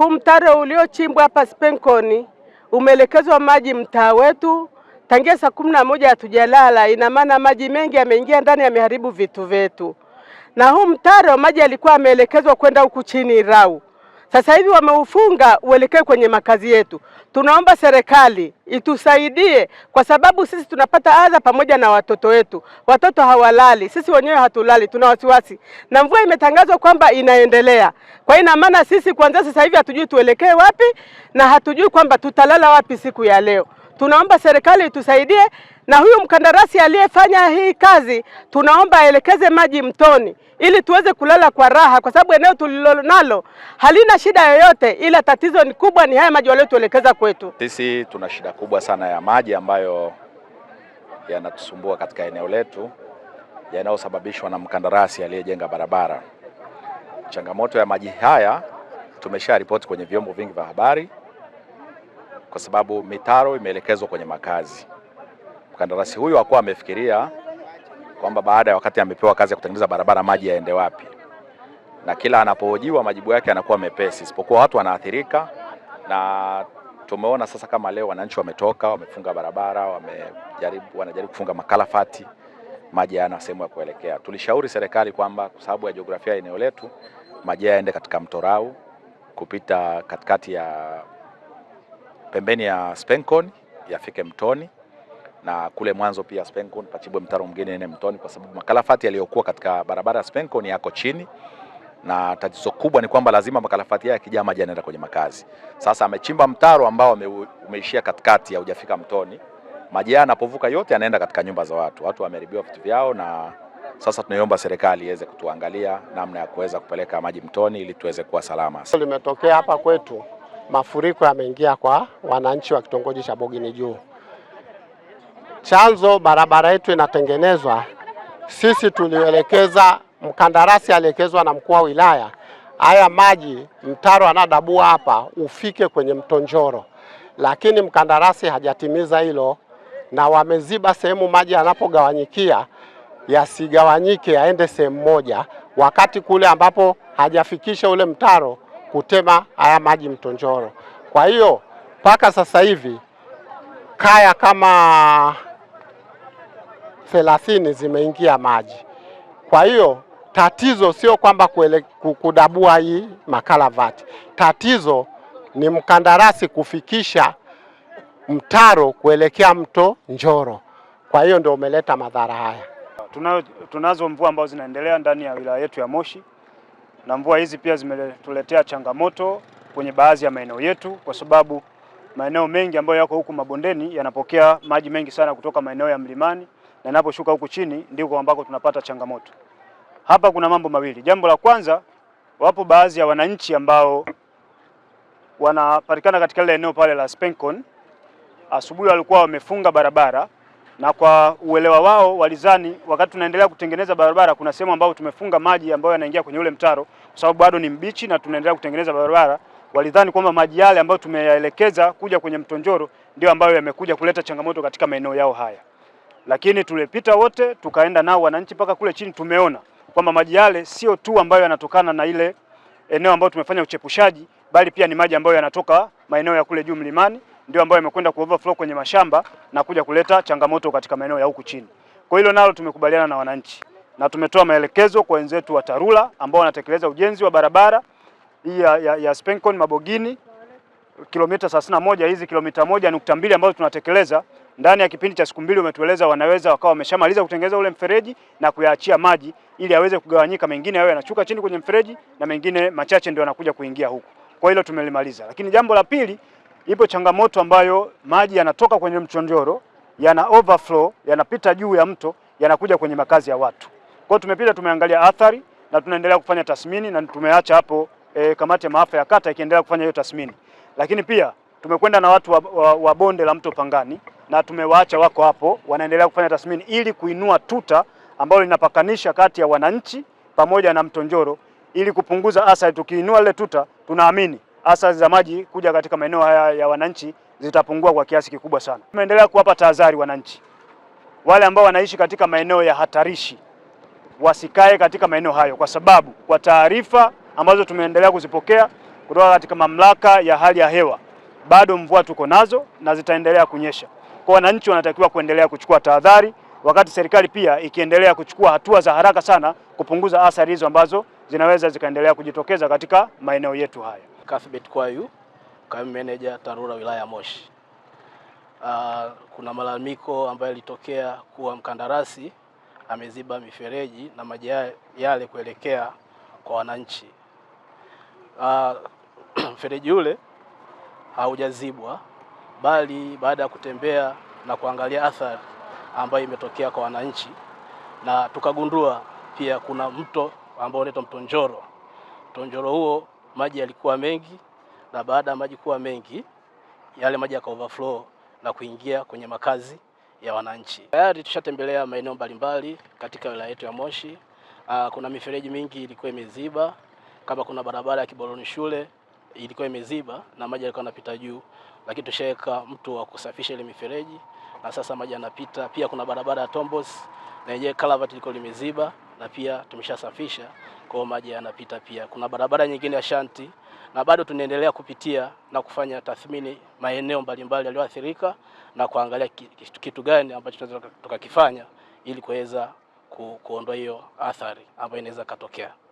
Huu mtaro uliochimbwa hapa spenkoni umeelekezwa maji mtaa wetu tangia saa kumi na moja hatujalala. Ina maana maji mengi yameingia ndani, yameharibu vitu vyetu, na huu mtaro maji yalikuwa yameelekezwa kwenda huku chini rau Sasa hivi wameufunga uelekee kwenye makazi yetu. Tunaomba serikali itusaidie kwa sababu sisi tunapata adha pamoja na watoto wetu. Watoto hawalali, sisi wenyewe hatulali, tuna wasiwasi, na mvua imetangazwa kwamba inaendelea. Kwa hiyo ina maana sisi kuanzia sasa hivi hatujui tuelekee wapi na hatujui kwamba tutalala wapi siku ya leo. Tunaomba serikali itusaidie, na huyu mkandarasi aliyefanya hii kazi tunaomba aelekeze maji mtoni ili tuweze kulala kwa raha, kwa sababu eneo tulilonalo halina shida yoyote, ila tatizo ni kubwa, ni haya maji waliotuelekeza kwetu. Sisi tuna shida kubwa sana ya maji ambayo yanatusumbua katika eneo letu, yanayosababishwa na mkandarasi aliyejenga barabara. Changamoto ya maji haya ripoti kwenye vyombo vingi vya habari kwa sababu mitaro imeelekezwa kwenye makazi. Mkandarasi huyu hakuwa amefikiria kwamba baada ya wakati amepewa kazi ya kutengeneza barabara maji yaende wapi, na kila anapohojiwa majibu yake anakuwa mepesi, isipokuwa watu wanaathirika. Na tumeona sasa kama leo wananchi wametoka, wamefunga barabara, wamejaribu, wanajaribu kufunga makalafati, maji hayana sehemu ya kuelekea. Tulishauri serikali kwamba kwa sababu ya jiografia ya eneo letu maji yaende katika mto Rau kupita katikati ya pembeni ya Spencon yafike Mtoni na kule mwanzo pia Spencon pachibwe mtaro mwingine ene Mtoni, kwa sababu makalafati yaliyokuwa katika barabara ya Spencon yako chini, na tatizo kubwa ni kwamba lazima makalafati haya yakijaa maji yanaenda kwenye makazi. Sasa amechimba mtaro ambao umeishia katikati, haujafika Mtoni, maji haya yanapovuka yote yanaenda katika nyumba za watu, watu wameharibiwa vitu vyao, na sasa tunaiomba serikali iweze kutuangalia namna ya kuweza kupeleka maji Mtoni ili tuweze kuwa salama. Limetokea hapa kwetu mafuriko yameingia kwa wananchi wa kitongoji cha Bogini Juu. Chanzo barabara yetu inatengenezwa, sisi tulielekeza, mkandarasi alielekezwa na mkuu wa wilaya, haya maji mtaro anadabua hapa ufike kwenye mtonjoro lakini mkandarasi hajatimiza hilo, na wameziba sehemu maji yanapogawanyikia yasigawanyike yaende sehemu moja, wakati kule ambapo hajafikisha ule mtaro kutema haya maji mto Njoro. Kwa hiyo mpaka sasa hivi kaya kama thelathini zimeingia maji. Kwa hiyo tatizo sio kwamba kudabua hii makalavati, tatizo ni mkandarasi kufikisha mtaro kuelekea mto Njoro. Kwa hiyo ndio umeleta madhara haya. Tunazo mvua ambazo zinaendelea ndani ya wilaya yetu ya Moshi na mvua hizi pia zimetuletea changamoto kwenye baadhi ya maeneo yetu, kwa sababu maeneo mengi ambayo yako huku mabondeni yanapokea maji mengi sana kutoka maeneo ya mlimani, na yanaposhuka huku chini ndiko ambako tunapata changamoto. Hapa kuna mambo mawili. Jambo la kwanza, wapo baadhi ya wananchi ambao wanapatikana katika ile eneo pale la Spencon, asubuhi walikuwa wamefunga barabara na kwa uelewa wao walizani wakati tunaendelea kutengeneza barabara kuna sehemu ambayo tumefunga maji ambayo yanaingia kwenye ule mtaro, kwa sababu bado ni mbichi na tunaendelea kutengeneza barabara. Walidhani kwamba maji yale ambayo tumeyaelekeza kuja kwenye mto Njoro ndio ambayo yamekuja kuleta changamoto katika maeneo yao haya, lakini tulipita wote, tukaenda nao wananchi mpaka kule chini, tumeona kwamba maji yale sio tu ambayo yanatokana na ile eneo ambayo tumefanya uchepushaji, bali pia ni maji ambayo yanatoka maeneo ya kule juu mlimani ndio ambayo imekwenda kuoverflow kwenye mashamba na kuja kuleta changamoto katika maeneo ya huku chini. Kwa hilo nalo tumekubaliana na wananchi na tumetoa maelekezo kwa wenzetu wa TARURA ambao wanatekeleza ujenzi wa barabara hii ya, ya, ya Spencon Mabogini kilomita 31. Hizi kilomita moja nukta mbili ambazo tunatekeleza ndani ya kipindi cha siku mbili, umetueleza wanaweza wakawa wameshamaliza kutengeneza ule mfereji na kuyaachia maji ili aweze kugawanyika, mengine yao yanachuka chini kwenye mfereji na mengine machache ndio yanakuja kuingia huku. Kwa hilo tumelimaliza, lakini jambo la pili ipo changamoto ambayo maji yanatoka kwenye mchonjoro yana overflow yanapita juu ya mto yanakuja kwenye makazi ya watu. Kwa hiyo tumepita, tumeangalia athari na tunaendelea kufanya tathmini na tumeacha hapo e, kamati ya maafa ya kata ikiendelea kufanya hiyo tathmini, lakini pia tumekwenda na watu wa, wa, wa bonde la mto Pangani na tumewaacha wako hapo wanaendelea kufanya tathmini ili kuinua tuta ambalo linapakanisha kati ya wananchi pamoja na mtonjoro ili kupunguza athari. Tukiinua lile tuta, tunaamini hasa za maji kuja katika maeneo haya ya wananchi zitapungua kwa kiasi kikubwa sana. Tumeendelea kuwapa tahadhari wananchi wale ambao wanaishi katika maeneo ya hatarishi wasikae katika maeneo hayo, kwa sababu kwa taarifa ambazo tumeendelea kuzipokea kutoka katika mamlaka ya hali ya hewa, bado mvua tuko nazo na zitaendelea kunyesha. Kwa wananchi wanatakiwa kuendelea kuchukua tahadhari, wakati serikali pia ikiendelea kuchukua hatua za haraka sana kupunguza athari hizo ambazo zinaweza zikaendelea kujitokeza katika maeneo yetu haya. Cuthbert Kwayu, kaimu meneja TARURA wilaya ya Moshi. Uh, kuna malalamiko ambayo yalitokea kuwa mkandarasi ameziba mifereji na maji yale kuelekea kwa wananchi. Uh, mfereji ule haujazibwa bali baada ya kutembea na kuangalia athari ambayo imetokea kwa wananchi, na tukagundua pia kuna mto ambao unaitwa mto Njoro. Mto Njoro huo maji yalikuwa mengi, na baada ya maji kuwa mengi, yale maji yaka overflow na kuingia kwenye makazi ya wananchi. Tayari tushatembelea maeneo mbalimbali katika wilaya yetu ya Moshi. Aa, ah, kuna mifereji mingi ilikuwa imeziba, kama kuna barabara ya Kiboroni shule ilikuwa imeziba na maji yalikuwa yanapita juu, lakini tushaweka mtu wa kusafisha ile mifereji na sasa maji yanapita. Pia kuna barabara ya Tombos na yenyewe kalavati ilikuwa limeziba na pia tumeshasafisha kwa maji yanapita. Pia kuna barabara nyingine ya shanti, na bado tunaendelea kupitia na kufanya tathmini maeneo mbalimbali yaliyoathirika na kuangalia kitu gani ambacho tunaweza tukakifanya ili kuweza kuondoa hiyo athari ambayo inaweza katokea.